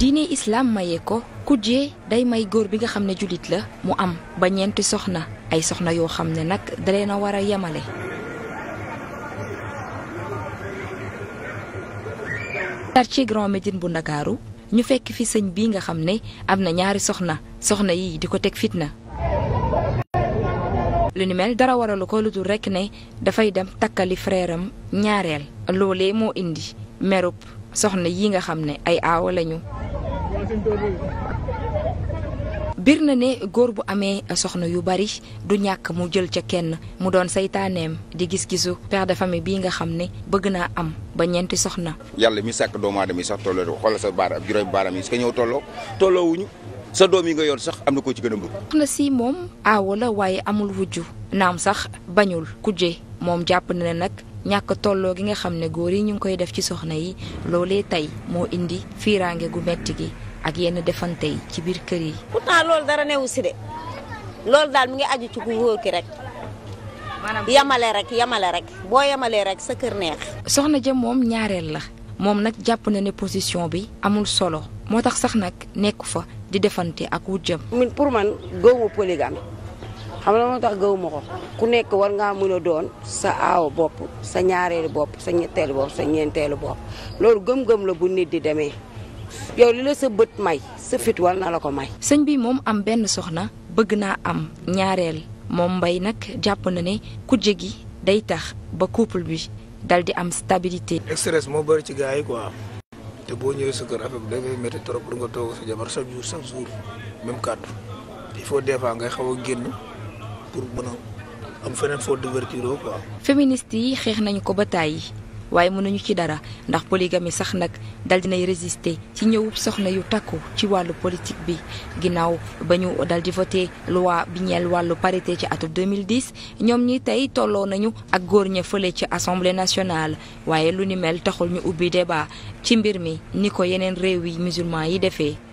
diine islam maye ko kujje day may góor bi nga xam ne jullit la mu am ba ñeenti soxna ay soxna yoo xam ne nag dalee na war a yemale. quartier Grand Médine bu Ndakaaru ñu fekk fi sëñ bii nga xam ne am na ñaari soxna soxna yi di ko teg fitna. lu ni mel dara waralu ko lu dul rekk ne dafay dem takkali frère ñaareel loolee moo indi merub soxna yi nga xam ne ay aawa lañu. biir na ne góor bu amee soxna yu bari du ñàkk mu jël ca kenn mu doon seytaaneem di gis-gisu père de famille bii nga xam ne bëgg naa am ba ñeenti soxna. yàlla mi sàkk doomu aadama yi sax tolloo xoolal sa baaraam juróomi baaraam yi sa ñëw tolloo tolloowuñu sa doom yi nga yor sax am na ko ci gën a soxna si moom aawa la waaye amul wujju naam sax bañul kuje moom jàpp na ne nag. ñàkk tolloo gi nga xam ne góor yi ñu ngi koy def ci soxna yi loolee tey moo indi fiiraange gu metti gi ak yenn defante yi ci biir kër yi. pourtant loolu dara newu si de loolu daal mu ngi aju ci ku wóor ki rek. yamale rek yamale rek boo yamalee rek sa kër neex. soxna jëm moom ñaareel la moom nag jàpp na ne position bi amul solo moo tax sax nag nekk fa di defante ak wut jëm. min pour man gëwuma polygame xam la moo tax gëwuma ko ku nekk war ngaa mën a doon sa aaw bopp sa ñaareelu bopp sa ñetteelu bopp sa ñeenteelu bopp loolu gëm-gëm la bu nit di demee. yow li la sa bët may sa fit wal na la ko may. sëñ bi moom am benn soxna bëgg naa am ñaareel moom mbay nag jàpp na ne kujje gi day tax ba couple bi dal di am stabilité. stress moo bëri ci gars yi quoi. te boo ñëwee sa kër affaire bi dafay métti trop pour nga toog sa jabar chaque jour chaque jour même kàddu il faut des ngay xaw a génn pour mën a am feneen foo divertir quoi. féministes yi xeex nañu ko ba tàyyi waaye mënuñu ci dara ndax polygamie sax nag dal dinay résister ci ñëwub soxna yu takku ci wàllu politique bi ginnaaw ba ñu dal di voté loi bi ñeel wàllu parité ci atum 2010 ñoom ñi tey tolloo nañu ak góor ña fële ci assemblée nationale waaye lu ni mel taxul ñu ubbi débat ci mbir mi ni ko yeneen réew yi musulman yi defee